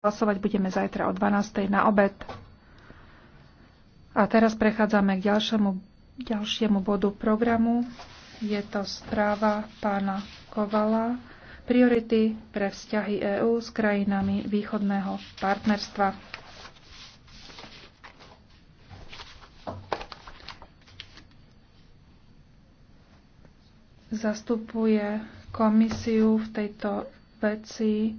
Hlasovať budeme zajtra o 12.00 na obed. A teraz prechádzame k ďalšiemu, ďalšiemu bodu programu. Je to správa pána Kovala. Priority pre vzťahy EÚ s krajinami východného partnerstva. Zastupuje komisiu v tejto veci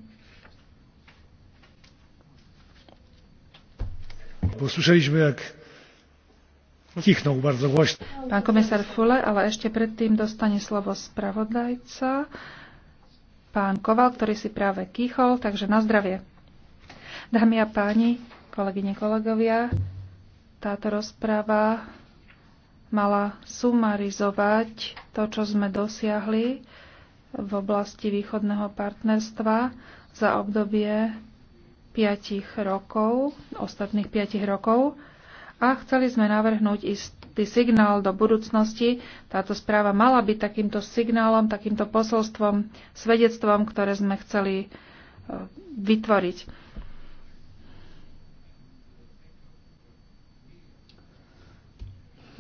bo jak tichnął bardzo głośno. Pán komisár Fule, ale ešte predtým dostane slovo spravodajca, pán Koval, ktorý si práve kýchol, takže na zdravie. Dámy a páni, kolegyne, kolegovia, táto rozpráva mala sumarizovať to, čo sme dosiahli v oblasti východného partnerstva za obdobie 5 rokov, ostatných 5 rokov a chceli sme navrhnúť istý signál do budúcnosti. Táto správa mala byť takýmto signálom, takýmto posolstvom, svedectvom, ktoré sme chceli e, vytvoriť.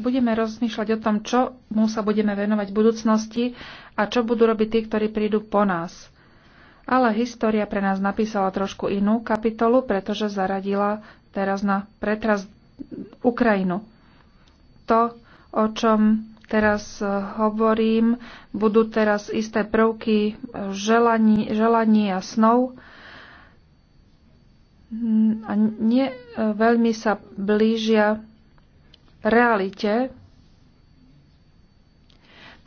Budeme rozmýšľať o tom, čo mu sa budeme venovať v budúcnosti a čo budú robiť tí, ktorí prídu po nás ale história pre nás napísala trošku inú kapitolu, pretože zaradila teraz na pretras Ukrajinu. To, o čom teraz e, hovorím, budú teraz isté prvky želaní, želaní a snov, mm, a nie e, veľmi sa blížia realite.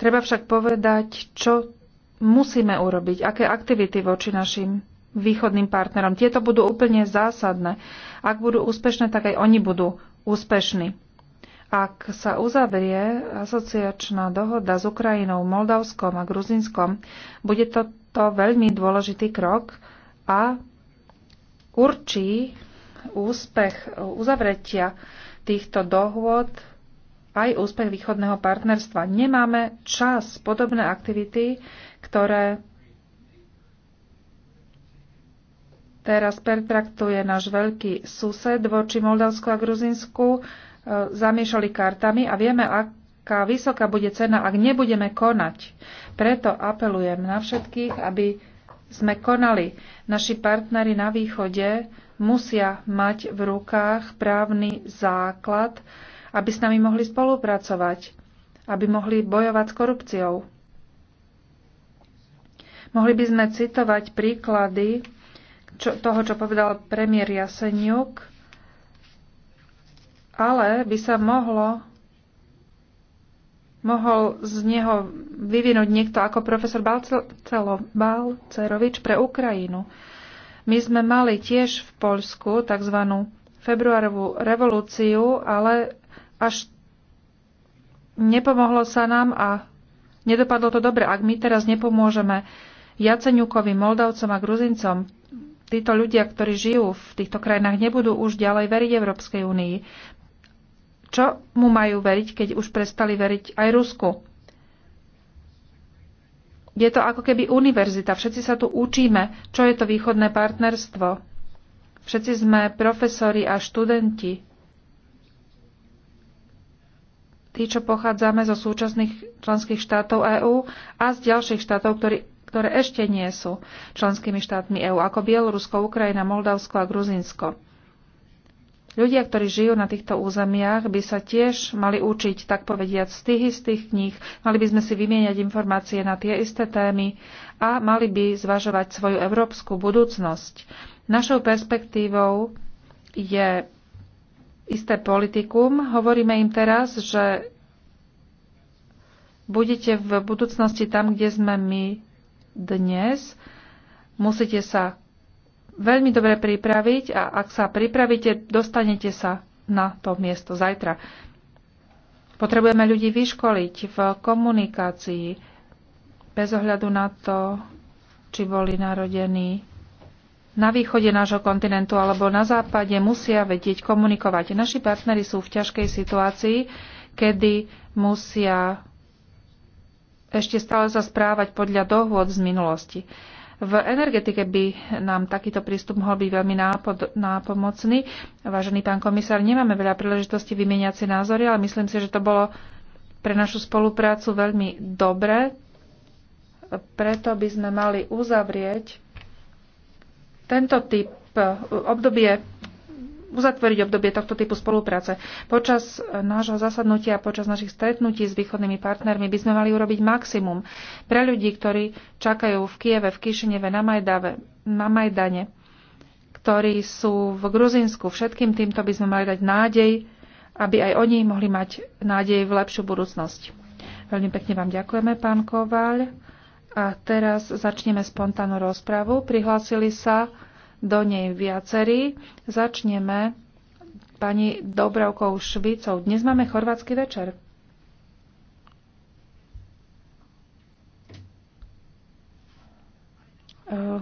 Treba však povedať, čo musíme urobiť, aké aktivity voči našim východným partnerom. Tieto budú úplne zásadné. Ak budú úspešné, tak aj oni budú úspešní. Ak sa uzavrie asociačná dohoda s Ukrajinou, Moldavskom a Gruzinskom, bude toto veľmi dôležitý krok a určí úspech uzavretia týchto dohôd aj úspech východného partnerstva. Nemáme čas podobné aktivity ktoré teraz pertraktuje náš veľký sused voči Moldavsku a Gruzinsku, e, zamiešali kartami a vieme, aká vysoká bude cena, ak nebudeme konať. Preto apelujem na všetkých, aby sme konali. Naši partnery na východe musia mať v rukách právny základ, aby s nami mohli spolupracovať, aby mohli bojovať s korupciou. Mohli by sme citovať príklady čo, toho, čo povedal premiér Jaseniuk, ale by sa mohlo mohol z neho vyvinúť niekto ako profesor Balcelo, Balcerovič pre Ukrajinu. My sme mali tiež v Poľsku tzv. februárovú revolúciu, ale až nepomohlo sa nám a nedopadlo to dobre. Ak my teraz nepomôžeme Jaceňukovi, Moldavcom a Gruzincom. Títo ľudia, ktorí žijú v týchto krajinách, nebudú už ďalej veriť Európskej únii. Čo mu majú veriť, keď už prestali veriť aj Rusku? Je to ako keby univerzita. Všetci sa tu učíme, čo je to východné partnerstvo. Všetci sme profesori a študenti tí, čo pochádzame zo súčasných členských štátov EÚ a z ďalších štátov, ktorí ktoré ešte nie sú členskými štátmi EÚ, ako Bielorusko, Ukrajina, Moldavsko a Gruzinsko. Ľudia, ktorí žijú na týchto územiach, by sa tiež mali učiť, tak povediať, z tých istých kníh, mali by sme si vymieňať informácie na tie isté témy a mali by zvažovať svoju európsku budúcnosť. Našou perspektívou je isté politikum. Hovoríme im teraz, že budete v budúcnosti tam, kde sme my dnes. Musíte sa veľmi dobre pripraviť a ak sa pripravíte, dostanete sa na to miesto zajtra. Potrebujeme ľudí vyškoliť v komunikácii bez ohľadu na to, či boli narodení na východe nášho kontinentu alebo na západe, musia vedieť komunikovať. Naši partnery sú v ťažkej situácii, kedy musia ešte stále sa správať podľa dohôd z minulosti. V energetike by nám takýto prístup mohol byť veľmi nápod, nápomocný. Vážený pán komisár, nemáme veľa príležitosti vymieňať si názory, ale myslím si, že to bolo pre našu spoluprácu veľmi dobré. Preto by sme mali uzavrieť tento typ obdobie uzatvoriť obdobie tohto typu spolupráce. Počas eh, nášho zasadnutia, počas našich stretnutí s východnými partnermi by sme mali urobiť maximum pre ľudí, ktorí čakajú v Kieve, v Kišineve, na, Majdave, na Majdane, ktorí sú v Gruzinsku. Všetkým týmto by sme mali dať nádej, aby aj oni mohli mať nádej v lepšiu budúcnosť. Veľmi pekne vám ďakujeme, pán Kováľ. A teraz začneme spontánnu rozpravu. Prihlásili sa do nej viacerí. Začneme pani Dobravkou Švicou. Dnes máme chorvátsky večer. E,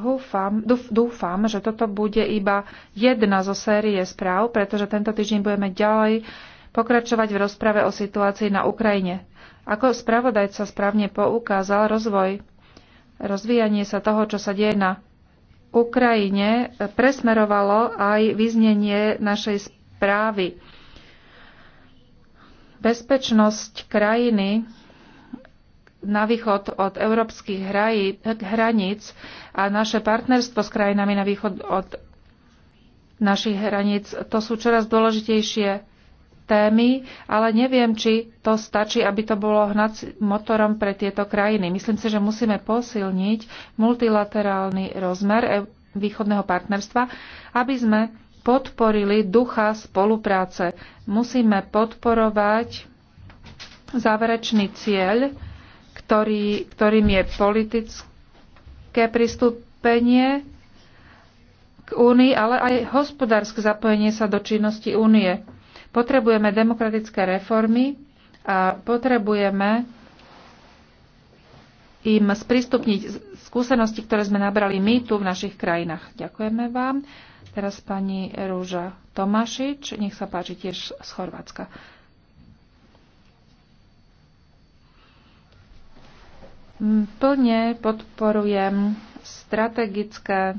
húfam, dúfam, že toto bude iba jedna zo série správ, pretože tento týždeň budeme ďalej pokračovať v rozprave o situácii na Ukrajine. Ako spravodajca správne poukázal, rozvoj, rozvíjanie sa toho, čo sa deje na Ukrajine presmerovalo aj vyznenie našej správy. Bezpečnosť krajiny na východ od európskych hraníc a naše partnerstvo s krajinami na východ od našich hraníc, to sú čoraz dôležitejšie systémy, ale neviem, či to stačí, aby to bolo hnac motorom pre tieto krajiny. Myslím si, že musíme posilniť multilaterálny rozmer e- východného partnerstva, aby sme podporili ducha spolupráce. Musíme podporovať záverečný cieľ, ktorý, ktorým je politické pristúpenie k Únii, ale aj hospodárske zapojenie sa do činnosti Únie. Potrebujeme demokratické reformy a potrebujeme im sprístupniť skúsenosti, ktoré sme nabrali my tu v našich krajinách. Ďakujeme vám. Teraz pani Rúža Tomašič, nech sa páči tiež z Chorvátska. Plne podporujem strategické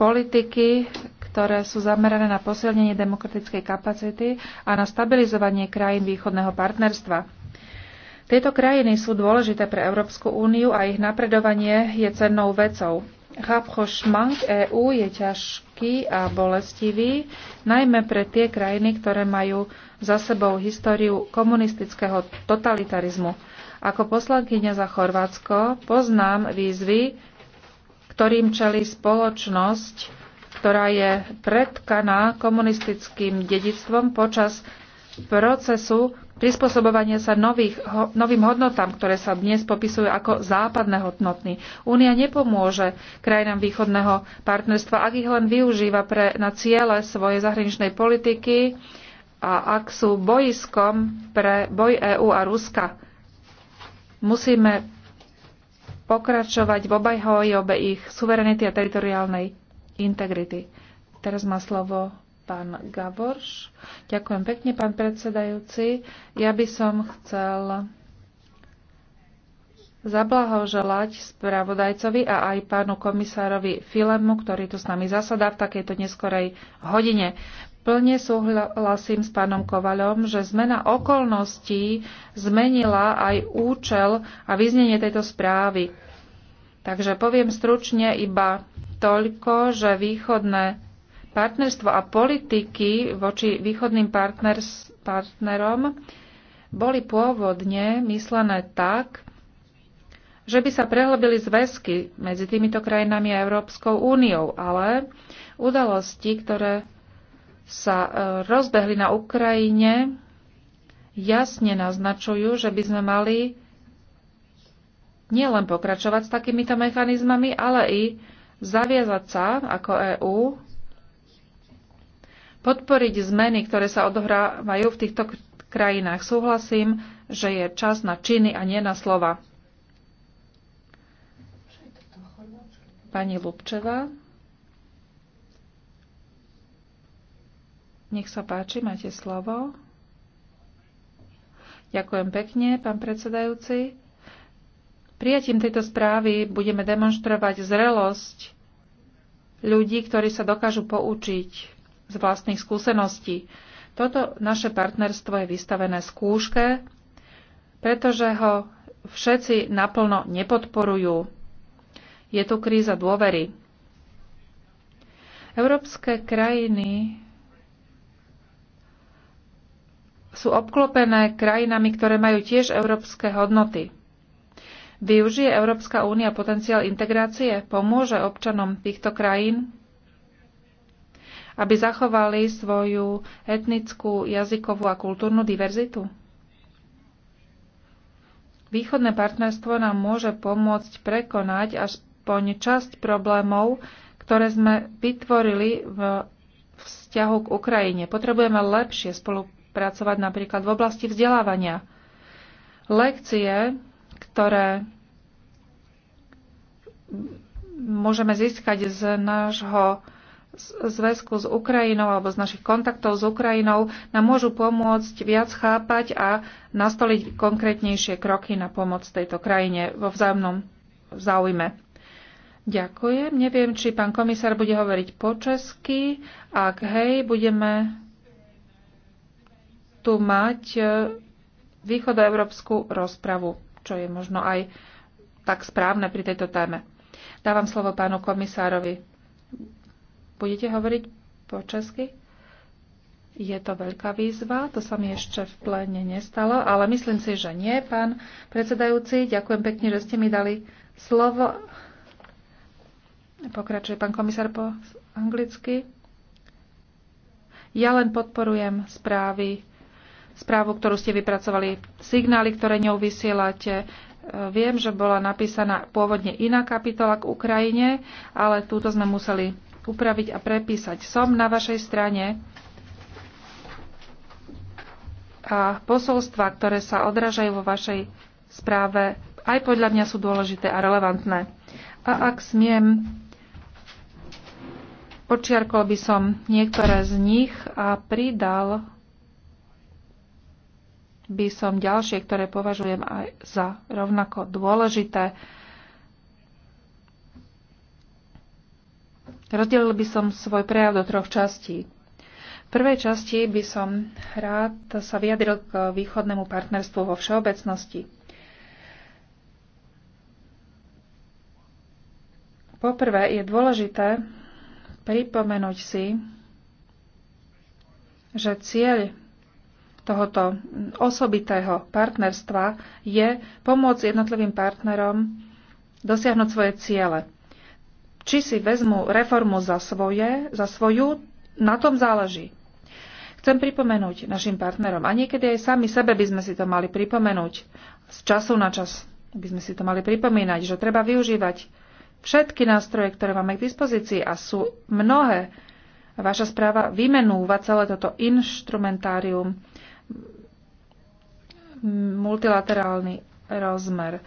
politiky, ktoré sú zamerané na posilnenie demokratickej kapacity a na stabilizovanie krajín východného partnerstva. Tieto krajiny sú dôležité pre Európsku úniu a ich napredovanie je cennou vecou. Rapprochement EÚ je ťažký a bolestivý, najmä pre tie krajiny, ktoré majú za sebou históriu komunistického totalitarizmu. Ako poslankyňa za Chorvátsko poznám výzvy, ktorým čelí spoločnosť ktorá je predkaná komunistickým dedictvom počas procesu prispôsobovania sa nových, ho, novým hodnotám, ktoré sa dnes popisujú ako západné hodnoty. Únia nepomôže krajinám východného partnerstva, ak ich len využíva pre, na ciele svojej zahraničnej politiky a ak sú bojiskom pre boj EÚ a Ruska. Musíme pokračovať v obajhojobe ich suverenity a teritoriálnej integrity. Teraz má slovo pán Gavorš. Ďakujem pekne, pán predsedajúci. Ja by som chcel zablahoželať spravodajcovi a aj pánu komisárovi Filemu, ktorý tu s nami zasadá v takejto neskorej hodine. Plne súhlasím s pánom Kovaľom, že zmena okolností zmenila aj účel a vyznenie tejto správy. Takže poviem stručne iba toľko, že východné partnerstvo a politiky voči východným partners, partnerom boli pôvodne myslené tak, že by sa prehlbili zväzky medzi týmito krajinami a Európskou úniou, ale udalosti, ktoré sa e, rozbehli na Ukrajine, jasne naznačujú, že by sme mali nielen pokračovať s takýmito mechanizmami, ale i zaviazať sa ako EÚ podporiť zmeny, ktoré sa odohrávajú v týchto krajinách. Súhlasím, že je čas na činy a nie na slova. Pani Lubčeva. Nech sa páči, máte slovo. Ďakujem pekne, pán predsedajúci. Prijatím tejto správy budeme demonstrovať zrelosť ľudí, ktorí sa dokážu poučiť z vlastných skúseností. Toto naše partnerstvo je vystavené skúške, pretože ho všetci naplno nepodporujú. Je tu kríza dôvery. Európske krajiny sú obklopené krajinami, ktoré majú tiež európske hodnoty. Využije Európska únia potenciál integrácie? Pomôže občanom týchto krajín? aby zachovali svoju etnickú, jazykovú a kultúrnu diverzitu? Východné partnerstvo nám môže pomôcť prekonať aspoň časť problémov, ktoré sme vytvorili v vzťahu k Ukrajine. Potrebujeme lepšie spolupracovať napríklad v oblasti vzdelávania. Lekcie ktoré môžeme získať z nášho zväzku s Ukrajinou alebo z našich kontaktov s Ukrajinou nám môžu pomôcť viac chápať a nastoliť konkrétnejšie kroky na pomoc tejto krajine vo vzájomnom záujme. Ďakujem. Neviem, či pán komisár bude hovoriť po česky. Ak hej, budeme tu mať eh, východoevropskú rozpravu čo je možno aj tak správne pri tejto téme. Dávam slovo pánu komisárovi. Budete hovoriť po česky? Je to veľká výzva, to sa mi ešte v pléne nestalo, ale myslím si, že nie, pán predsedajúci. Ďakujem pekne, že ste mi dali slovo. Pokračuje pán komisár po anglicky. Ja len podporujem správy správu, ktorú ste vypracovali, signály, ktoré ňou vysielate. E, viem, že bola napísaná pôvodne iná kapitola k Ukrajine, ale túto sme museli upraviť a prepísať. Som na vašej strane a posolstva, ktoré sa odrážajú vo vašej správe, aj podľa mňa sú dôležité a relevantné. A ak smiem, počiarkol by som niektoré z nich a pridal by som ďalšie, ktoré považujem aj za rovnako dôležité. Rozdelil by som svoj prejav do troch častí. V prvej časti by som rád sa vyjadril k východnému partnerstvu vo všeobecnosti. Poprvé je dôležité pripomenúť si, že cieľ tohoto osobitého partnerstva je pomôcť jednotlivým partnerom dosiahnuť svoje ciele. Či si vezmu reformu za, svoje, za svoju, na tom záleží. Chcem pripomenúť našim partnerom, a niekedy aj sami sebe by sme si to mali pripomenúť, z času na čas by sme si to mali pripomínať, že treba využívať všetky nástroje, ktoré máme k dispozícii a sú mnohé. Vaša správa vymenúva celé toto inštrumentárium multilaterálny rozmer,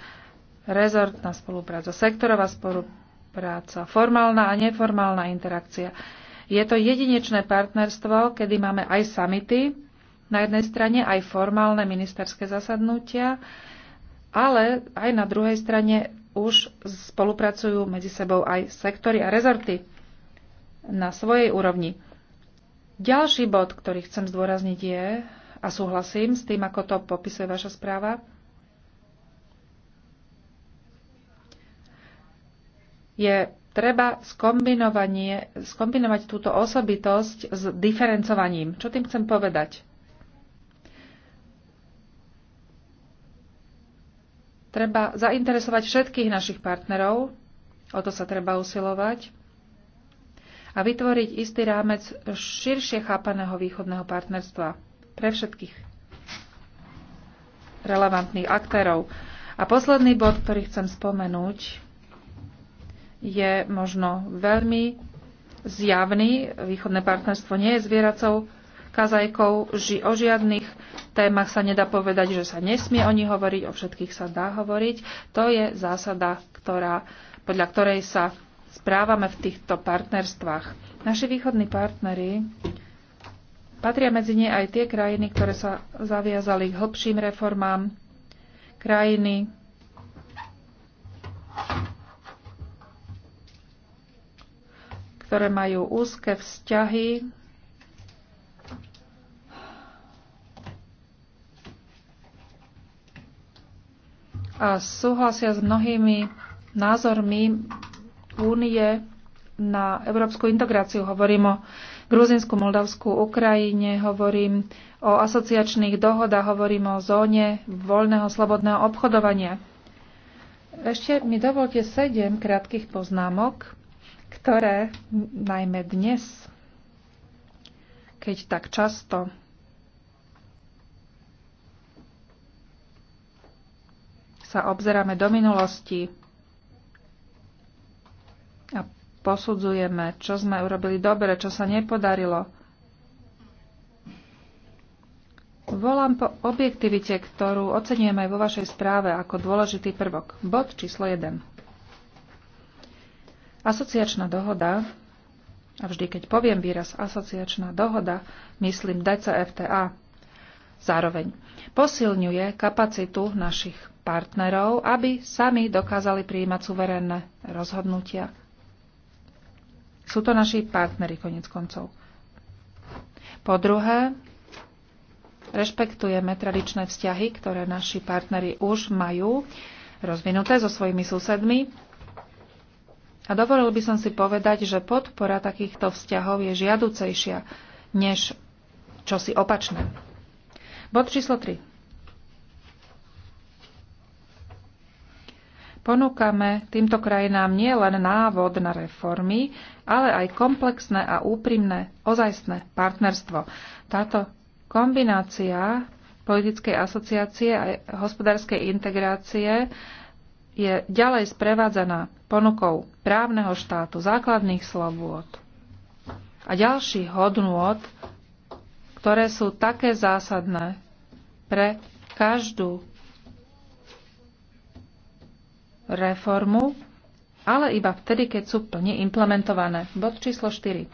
rezortná spolupráca, sektorová spolupráca, formálna a neformálna interakcia. Je to jedinečné partnerstvo, kedy máme aj samity, na jednej strane aj formálne ministerské zasadnutia, ale aj na druhej strane už spolupracujú medzi sebou aj sektory a rezorty na svojej úrovni. Ďalší bod, ktorý chcem zdôrazniť, je, a súhlasím s tým, ako to popisuje vaša správa. Je treba skombinovať túto osobitosť s diferencovaním. Čo tým chcem povedať? Treba zainteresovať všetkých našich partnerov, o to sa treba usilovať, a vytvoriť istý rámec širšie chápaného východného partnerstva pre všetkých relevantných aktérov. A posledný bod, ktorý chcem spomenúť, je možno veľmi zjavný. Východné partnerstvo nie je zvieracou kazajkou, ži o žiadnych témach sa nedá povedať, že sa nesmie o nich hovoriť, o všetkých sa dá hovoriť. To je zásada, ktorá, podľa ktorej sa správame v týchto partnerstvách. Naši východní partnery Patria medzi ne aj tie krajiny, ktoré sa zaviazali k hlbším reformám, krajiny, ktoré majú úzke vzťahy a súhlasia s mnohými názormi únie na európsku integráciu. Hovorím o Gruzinsku, Moldavsku, Ukrajine, hovorím o asociačných dohodách, hovorím o zóne voľného slobodného obchodovania. Ešte mi dovolte sedem krátkých poznámok, ktoré najmä dnes, keď tak často sa obzeráme do minulosti a posudzujeme, čo sme urobili dobre, čo sa nepodarilo. Volám po objektivite, ktorú ocenujem aj vo vašej správe ako dôležitý prvok. Bod číslo 1. Asociačná dohoda, a vždy keď poviem výraz asociačná dohoda, myslím DCFTA, zároveň posilňuje kapacitu našich partnerov, aby sami dokázali prijímať suverénne rozhodnutia sú to naši partnery konec koncov. Po druhé, rešpektujeme tradičné vzťahy, ktoré naši partnery už majú rozvinuté so svojimi susedmi. A dovolil by som si povedať, že podpora takýchto vzťahov je žiaducejšia než čosi opačné. Bod číslo 3. Ponúkame týmto krajinám nie len návod na reformy, ale aj komplexné a úprimné, ozajstné partnerstvo. Táto kombinácia politickej asociácie a hospodárskej integrácie je ďalej sprevádzaná ponukou právneho štátu, základných slobôd a ďalších hodnôt, ktoré sú také zásadné pre každú reformu, ale iba vtedy, keď sú plne implementované. Bod číslo 4.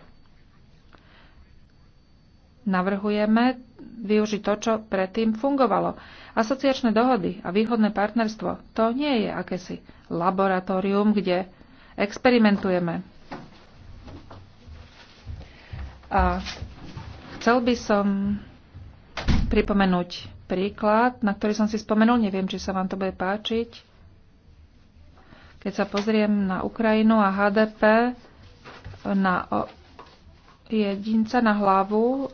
Navrhujeme využiť to, čo predtým fungovalo. Asociačné dohody a východné partnerstvo to nie je akési laboratórium, kde experimentujeme. A chcel by som pripomenúť príklad, na ktorý som si spomenul, neviem, či sa vám to bude páčiť. Keď sa pozriem na Ukrajinu a HDP na jedinca na hlavu,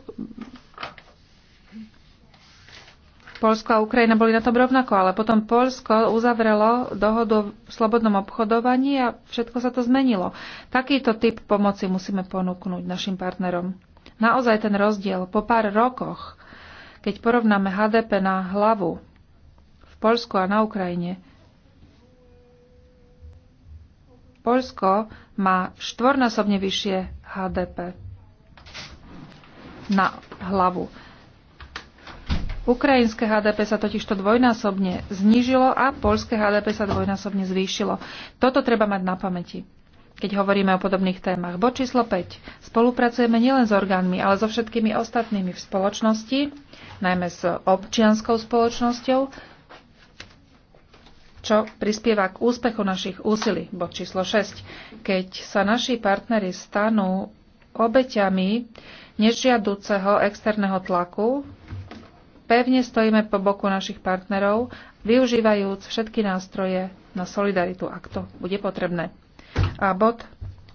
Polsko a Ukrajina boli na tom rovnako, ale potom Polsko uzavrelo dohodu o slobodnom obchodovaní a všetko sa to zmenilo. Takýto typ pomoci musíme ponúknuť našim partnerom. Naozaj ten rozdiel po pár rokoch, keď porovnáme HDP na hlavu v Polsku a na Ukrajine, Polsko má štvornásobne vyššie HDP na hlavu. Ukrajinské HDP sa totižto dvojnásobne znížilo a polské HDP sa dvojnásobne zvýšilo. Toto treba mať na pamäti, keď hovoríme o podobných témach. Bo číslo 5. Spolupracujeme nielen s orgánmi, ale so všetkými ostatnými v spoločnosti, najmä s občianskou spoločnosťou, čo prispieva k úspechu našich úsilí. Bod číslo 6. Keď sa naši partnery stanú obeťami nežiaduceho externého tlaku, pevne stojíme po boku našich partnerov, využívajúc všetky nástroje na solidaritu, ak to bude potrebné. A bod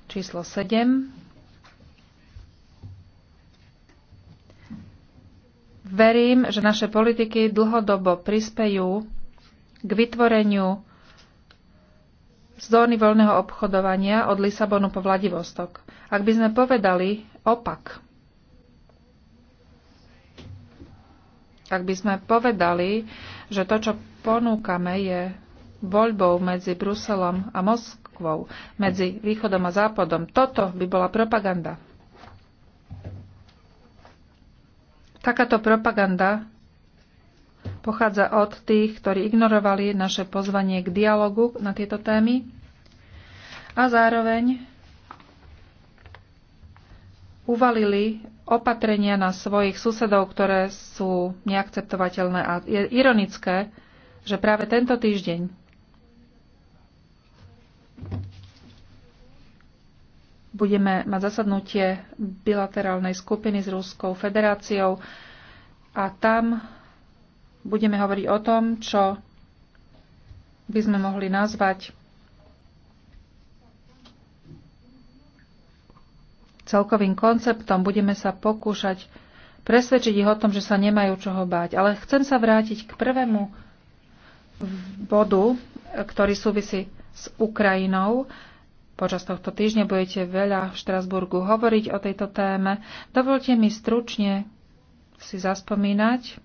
číslo 7. Verím, že naše politiky dlhodobo prispejú k vytvoreniu zóny voľného obchodovania od Lisabonu po Vladivostok. Ak by sme povedali opak, ak by sme povedali, že to, čo ponúkame, je voľbou medzi Bruselom a Moskvou, medzi východom a západom, toto by bola propaganda. Takáto propaganda pochádza od tých, ktorí ignorovali naše pozvanie k dialogu na tieto témy a zároveň uvalili opatrenia na svojich susedov, ktoré sú neakceptovateľné a je ironické, že práve tento týždeň budeme mať zasadnutie bilaterálnej skupiny s Ruskou federáciou a tam budeme hovoriť o tom, čo by sme mohli nazvať celkovým konceptom. Budeme sa pokúšať presvedčiť ich o tom, že sa nemajú čoho báť. Ale chcem sa vrátiť k prvému bodu, ktorý súvisí s Ukrajinou. Počas tohto týždňa budete veľa v Štrasburgu hovoriť o tejto téme. Dovolte mi stručne si zaspomínať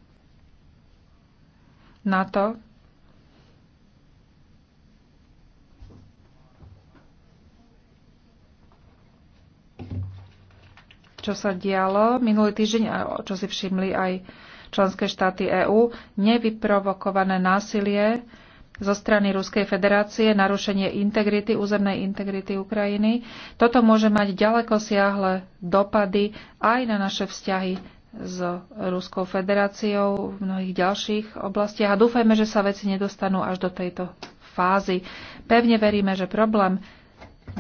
na to, čo sa dialo minulý týždeň a čo si všimli aj členské štáty EÚ, nevyprovokované násilie zo strany Ruskej federácie, narušenie integrity, územnej integrity Ukrajiny. Toto môže mať ďaleko siahle dopady aj na naše vzťahy s Ruskou federáciou v mnohých ďalších oblastiach a dúfajme, že sa veci nedostanú až do tejto fázy. Pevne veríme, že problém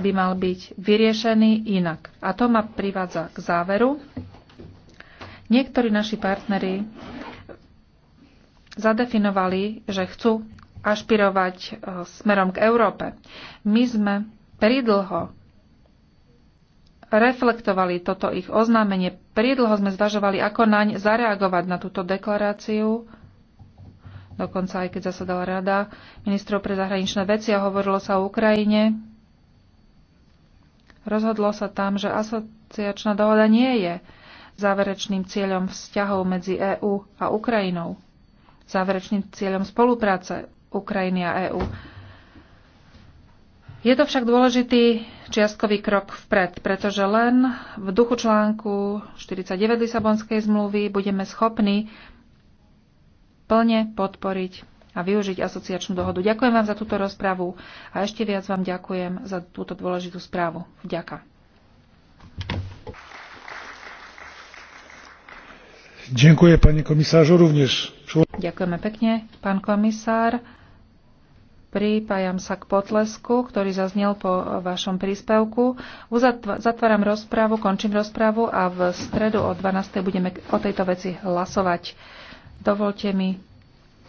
by mal byť vyriešený inak. A to ma privádza k záveru. Niektorí naši partnery zadefinovali, že chcú ašpirovať e, smerom k Európe. My sme pridlho reflektovali toto ich oznámenie Priedlho sme zvažovali, ako naň zareagovať na túto deklaráciu, dokonca aj keď zasadala Rada ministrov pre zahraničné veci a hovorilo sa o Ukrajine. Rozhodlo sa tam, že asociačná dohoda nie je záverečným cieľom vzťahov medzi EÚ a Ukrajinou, záverečným cieľom spolupráce Ukrajiny a EÚ. Je to však dôležitý čiastkový krok vpred, pretože len v duchu článku 49 Lisabonskej zmluvy budeme schopní plne podporiť a využiť asociačnú dohodu. Ďakujem vám za túto rozpravu a ešte viac vám ďakujem za túto dôležitú správu. Vďaka. Ďakujem, pani rovnež. Ďakujeme pekne, pán komisár. Pripájam sa k potlesku, ktorý zaznel po vašom príspevku. Zatváram rozprávu, končím rozprávu a v stredu o 12. budeme o tejto veci hlasovať. Dovolte mi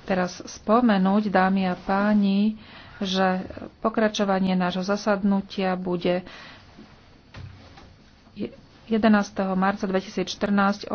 teraz spomenúť, dámy a páni, že pokračovanie nášho zasadnutia bude 11. marca 2014